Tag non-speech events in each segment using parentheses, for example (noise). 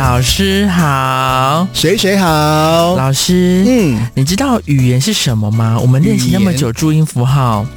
老師好，誰誰好？老師，嗯，你知道語言是什麼嗎？我們練習那麼久語言、注音符號，哦，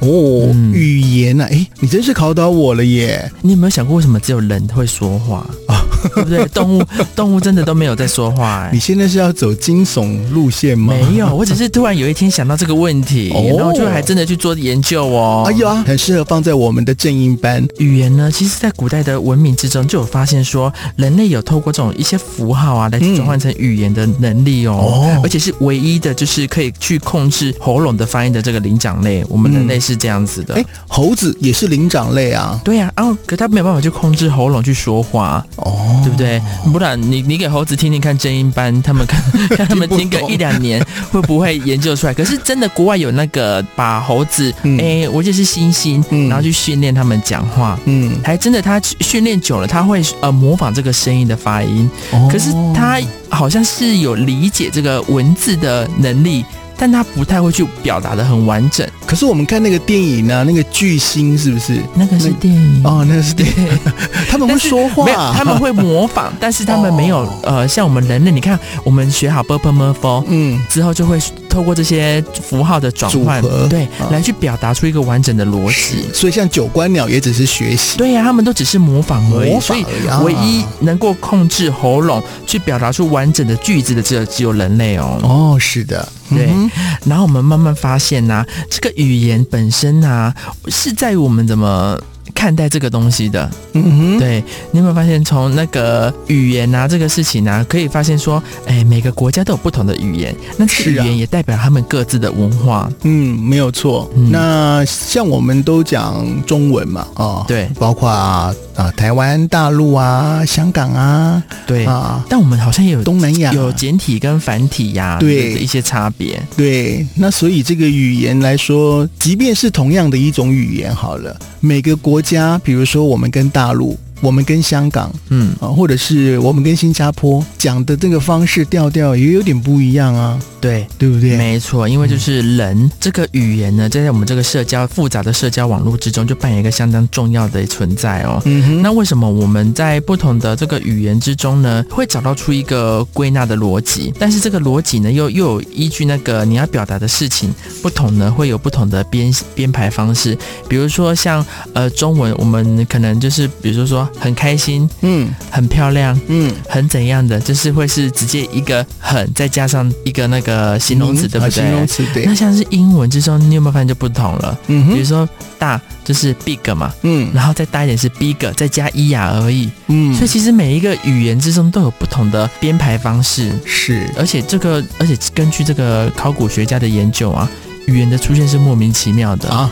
嗯、語言啊，哎、欸，你真是考倒我了耶！你有沒有想過，為什麼只有人會說話啊？哦、對不對？動物，動物真的都沒有在說話、欸。你現在是要走驚悚路線嗎？沒有，我只是突然有一天想到這個問題，哦、然後就還真的去做研究哦。哎呦啊，很適合放在我們的正音班。語言呢，其實在古代的文明之中就有發現說，人類有透過這種一些。符號啊，來轉換成語言的能力哦，哦，而且是唯一的，就是可以去控制喉嚨的發音的這個靈長類。嗯、我們人類是這樣子的，哎、欸，猴子也是靈長類啊，對呀、啊，哦、啊，可它沒有辦法去控制喉嚨去說話哦，對不對？不然你你給猴子聽聽看，真音班他們看，看他們聽個一兩年，會不會研究出來？可是真的，國外有那個把猴子，哎、嗯欸，我就是猩猩，嗯、然後去訓練他們講話，嗯，還真的，他訓練久了，他會呃模仿這個聲音的發音。可是他好像是有理解這個文字的能力，但他不太會去表達得很完整。可是我們看那個電影啊，那個巨星是不是？那個是電影哦，那個是電影。對 (laughs) 他們是會說話，沒有，他們會模仿，但是他們沒有、 (laughs) 哦、呃，像我們人類。你看，我們學好 ㄅㄆㄇㄈ 嗯，之後就會。透過這些符號的轉換，合對，啊、來去表達出一個完整的邏輯。所以，像九官鳥也只是學習，對呀、啊，他們都只是模仿而已。所以，唯一能夠控制喉嚨去表達出完整的句子的，只有只有人類哦。哦，是的，嗯、對。然後我們慢慢發現呢、啊，這個語言本身呢、啊，是在於我們怎麼。看待這個東西的，嗯哼，對，你有沒有發現從那個語言啊，這個事情啊，可以發現說，哎、欸，每個國家都有不同的語言，那語言也代表他們各自的文化，啊、嗯，沒有錯。嗯、那像我們都講中文嘛，啊、哦，對，包括啊，啊台灣、大陸啊，香港啊，對啊，但我們好像也有東南亞、啊、有簡體跟繁體呀、啊，對的一些差別，對。那所以這個語言來說，即便是同樣的一種語言，好了，每個國家。家，比如說我們跟大陸，我們跟香港，嗯啊，或者是我們跟新加坡講的這個方式調調也有點不一樣啊。對，對不對？沒錯，因為就是人、嗯、這個語言呢，在我們這個社交複雜的社交網絡之中，就扮演一個相當重要的存在哦。嗯哼，那為什麼我們在不同的這個語言之中呢，會找到出一個歸納的邏輯？但是這個邏輯呢，又又有依據那個你要表達的事情不同呢，會有不同的編編排方式。比如說像呃中文，我們可能就是比如說說很開心，嗯，很漂亮，嗯，很怎樣的，就是會是直接一個很再加上一個那個。呃，形容詞、嗯、對不對？啊、對那像是英文之中，你有沒有發現就不同了？嗯哼比如說大就是 big 嘛，嗯，然後再大一點是 big 再加一、er、雅而已，嗯，所以其實每一個語言之中都有不同的編排方式，是，而且這個，而且根據這個考古學家的研究啊。語言的出現是莫名其妙的啊，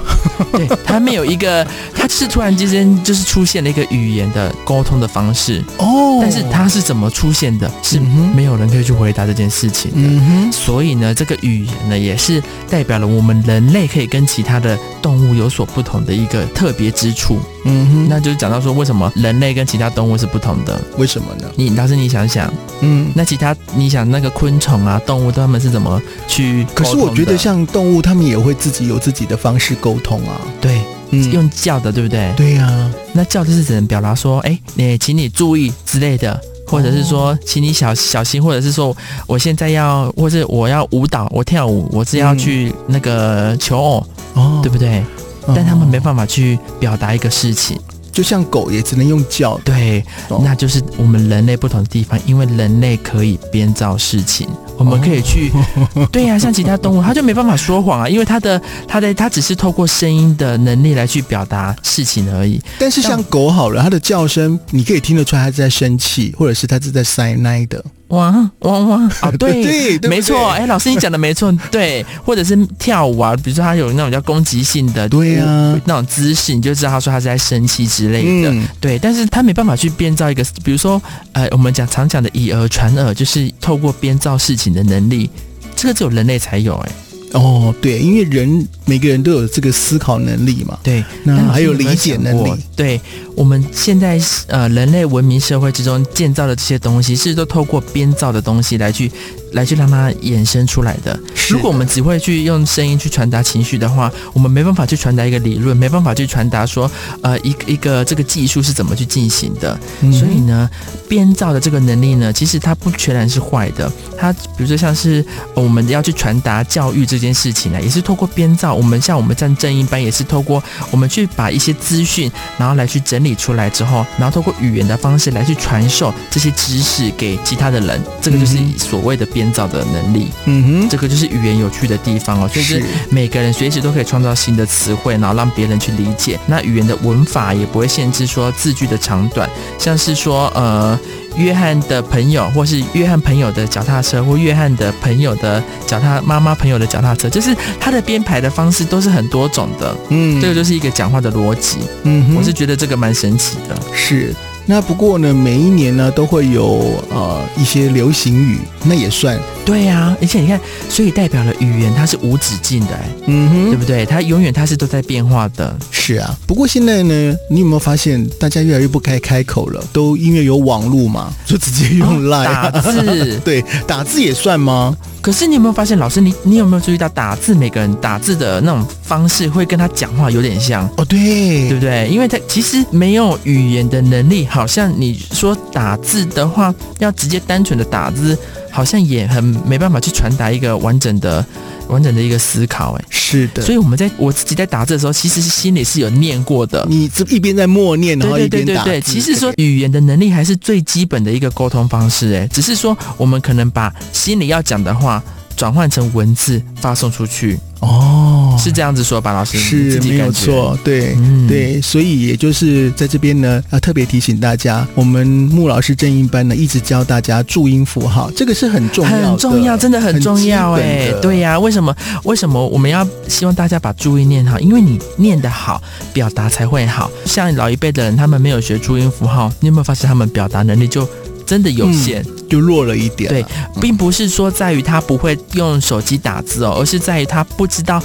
對，它沒有一個，它是突然之間就是出現了一個語言的溝通的方式哦，但是它是怎麼出現的，是沒有人可以去回答這件事情的，嗯哼，所以呢，這個語言呢，也是代表了我們人類可以跟其他的動物有所不同的一個特別之處。嗯哼，那就是講到說，為什麼人類跟其他動物是不同的？為什麼呢？你老師，你想想，嗯，那其他你想那個昆蟲啊，動物它們是怎麼去的？可是我覺得像動物，它們也會自己有自己的方式溝通啊。對，嗯，用叫的，對不對？對呀、啊，那叫就是只能表達說，哎，你請你注意之類的，或者是說，請你小小心，或者是說，我現在要，或是我要舞蹈，我跳舞，我是要去那個、嗯、求偶，哦，對不對？哦但他們沒辦法去表達一個事情，就像狗也只能用叫。對，oh. 那就是我們人類不同的地方，因為人類可以編造事情，我們可以去。Oh. (laughs) 對呀、啊，像其他動物， (laughs) 它就沒辦法說謊啊，因為它的、它的、它只是透過聲音的能力來去表達事情而已。但是像狗好了，它的叫聲你可以聽得出來，它是在生氣，或者是它是在塞奶的。汪汪汪啊！對，對對對沒錯。哎，老師，你講的沒錯。對，或者是跳舞啊，比如說他有那種叫攻擊性的，對呀、啊，那種姿勢，你就知道他說他是在生氣之類的。嗯、對，但是他沒辦法去編造一個，比如說，呃，我們講常講的以訛傳訛，就是透過編造事情的能力，這個只有人類才有、欸。哎。哦，對，因為人每個人都有這個思考能力嘛，對，那師還有理解能力。對，我們現在呃人類文明社會之中建造的這些東西，是都透過編造的東西來去。來去讓它衍生出來的。如果我們只會去用聲音去傳達情緒的話，的我們沒辦法去傳達一個理論，沒辦法去傳達說，呃，一個一個這個技術是怎麼去進行的。嗯、所以呢，編造的這個能力呢，其實它不全然是壞的。它比如說像是、呃、我們要去傳達教育這件事情呢，也是透過編造。我們像我們在正音班，也是透過我們去把一些資訊，然後來去整理出來之後，然後透過語言的方式來去傳授這些知識給其他的人。這個就是所謂的編。編造的能力，嗯哼，這個就是語言有趣的地方哦。就是每個人隨時都可以創造新的詞彙，然後讓別人去理解。那語言的文法也不會限制說字句的長短，像是說呃，約翰的朋友，或是約翰朋友的腳踏車，或約翰的朋友的腳踏媽媽朋友的腳踏車，就是它的編排的方式都是很多種的。嗯，這個就是一個講話的邏輯。嗯哼，我是覺得這個蠻神奇的。是。那不過呢，每一年呢，都會有呃一些流行語，那也算。對呀、啊，而且你看，所以代表了語言它是無止境的、欸，嗯，哼，對不對？它永遠它是都在變化的。是啊，不過現在呢，你有沒有發現大家越來越不開開口了？都因為有網絡嘛，就直接用 LINE、哦、打字， (laughs) 對，打字也算嗎？可是你有沒有發現，老師你你有沒有注意到打字？每個人打字的那種方式會跟他講話有點像哦，對，對不對？因為他其實沒有語言的能力，好像你說打字的話，要直接單純的打字。好像也很沒辦法去傳達一個完整的、完整的一個思考，哎，是的。所以我們在我自己在打字的時候，其實是心裡是有念過的。你這一邊在默念，然後一邊打。對，對對對對，其實說語言的能力還是最基本的一個溝通方式，哎，Okay. 只是說我們可能把心裡要講的話。轉換成文字發送出去哦，是這樣子說吧，老師是自己沒有錯，覺對，嗯、對，所以也就是在這邊呢，要特別提醒大家，我們穆老師正音班呢一直教大家注音符號，這個是很重要很重要，真的很重要哎、欸，對呀、啊，為什麼？為什麼我們要希望大家把注音念好？因為你念得好，表達才會好。像老一輩的人，他們沒有學注音符號，你有沒有發現他們表達能力就？真的有限，嗯，就弱了一點了。對，並不是說在於他不會用手機打字哦，而是在於他不知道。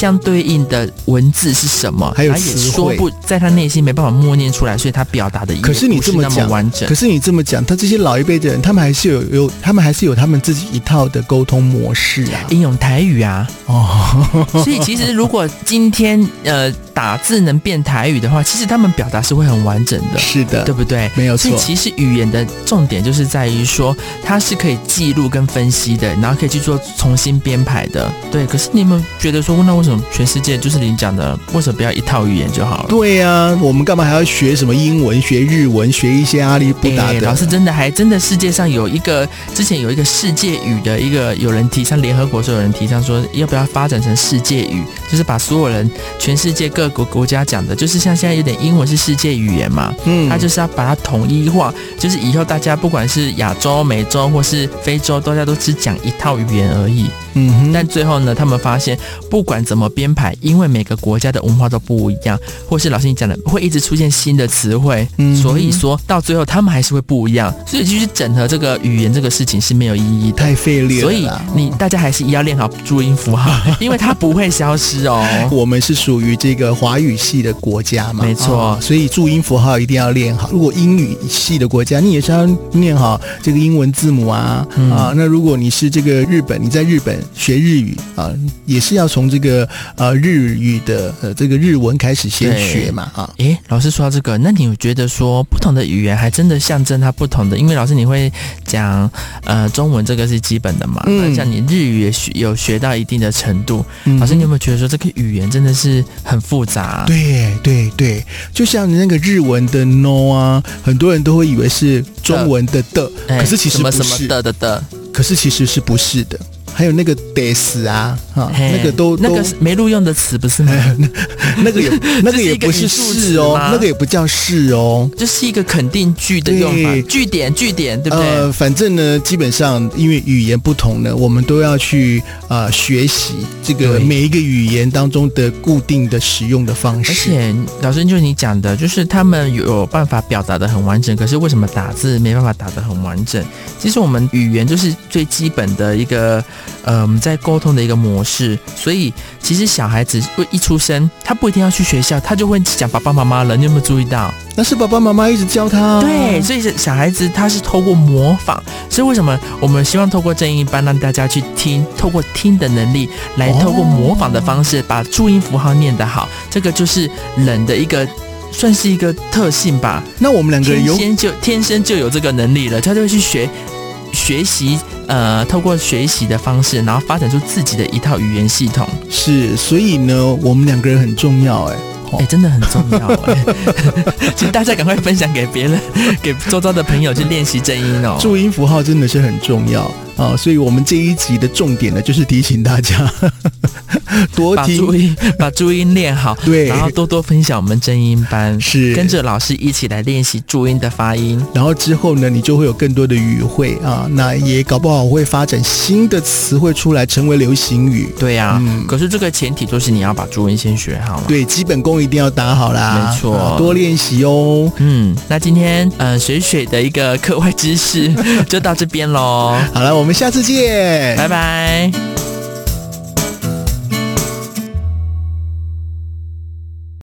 相對應的文字是什麼？還有詞彙，在他內心沒辦法默念出來，所以他表達的意思不是那麼完整。可是你這麼講，他這些老一輩的人，他們還是有有，他們還是有他們自己一套的溝通模式啊，運用、欸、台語啊。哦， (laughs) 所以其實如果今天呃打字能變台語的話，其實他們表達是會很完整的，是的，對不對？沒有錯。所以其實語言的重點就是在於說，它是可以記錄跟分析的，然後可以去做重新編排的。對，可是你們覺得說，問那為什麼？全世界就是你講的，為什麼不要一套語言就好了？對呀、啊，我們幹嘛還要學什麼英文學日文學一些阿里不達的，欸？老師真的還真的世界上有一個，之前有一個世界語的一個有人提倡，聯合國說有人提倡說要不要發展成世界語，就是把所有人全世界各國國家講的，就是像現在有點英文是世界語言嘛，嗯，他就是要把它統一化，就是以後大家不管是亞洲、美洲或是非洲，大家都只講一套語言而已。嗯哼，但最後呢，他們發現不管怎麼編排，因為每個國家的文化都不一樣，或是老師你講的會一直出現新的詞彙，嗯哼，所以說到最後他們還是會不一樣，所以就是整合這個語言這個事情是沒有意義的，太費力了。所以你大家還是一要練好注音符號， (laughs) 因為它不會消失哦。 (laughs) 我們是屬於這個華語系的國家嘛，沒錯、哦，所以注音符號一定要練好。如果英語系的國家，你也是要念好這個英文字母啊，啊、嗯哦，那如果你是這個日本，你在日本。學日語啊，也是要從這個呃日語的呃這個日文開始先學嘛啊。哎對，老師說到這個，那你覺得說不同的語言還真的象徵它不同的？因為老師你會講呃中文這個是基本的嘛，嗯、像你日語也學有學到一定的程度。嗯、老師，你有沒有覺得說這個語言真的是很複雜、啊對？對對對，就像那個日文的 no 啊，很多人都會以為是中文的的，誒可是其實不是什麼什麼的的的，可是其實是不是的。還有那個得死啊，哈，嘿那個都，都那個是沒錄用的詞不是嗎？那，那，那個也那個也不是是哦，是個是那個也不叫是哦，這是一個肯定句的用法，對句點句點對不對？呃，反正呢，基本上因為語言不同呢，我們都要去呃學習這個每一個語言當中的固定的使用的方式。而且，老師就是你講的，就是他們有辦法表達得很完整，可是為什麼打字沒辦法打得很完整？其實我們語言就是最基本的一個。呃，我們、嗯、在溝通的一個模式，所以其實小孩子會一出生，他不一定要去學校，他就會講爸爸媽媽了，你有沒有注意到？那是爸爸媽媽一直教他。對，所以是小孩子，他是透過模仿。所以為什麼我們希望透過正音班讓大家去聽，透過聽的能力來，透過模仿的方式把注音符號唸得好？這個就是人的一個，算是一個特性吧。那我們兩個優先就天生就有這個能力了，他就會去學學習。呃，透過學習的方式，然後發展出自己的一套語言系統。是，所以呢，我們兩個人很重要，哎、哦，哎、欸，真的很重要。哎 (laughs) 請大家趕快分享給別人，給周遭的朋友去練習正音哦。注音符號真的是很重要啊、哦，所以我們這一集的重點呢，就是提醒大家。 (laughs) 多聽把注音，把注音練好，對，然後多多分享我們正音班，是跟着老師一起來練習注音的發音，然後之後呢，你就會有更多的語彙啊，那也搞不好會發展新的詞彙出來，成為流行語。對啊，嗯、可是這個前提就是你要把注音先學好，對，基本功一定要打好啦，沒錯、嗯，多練習哦。嗯，那今天嗯、呃、水水的一個課外知識 (laughs) 就到這邊嘍，好了，我們下次見，拜拜。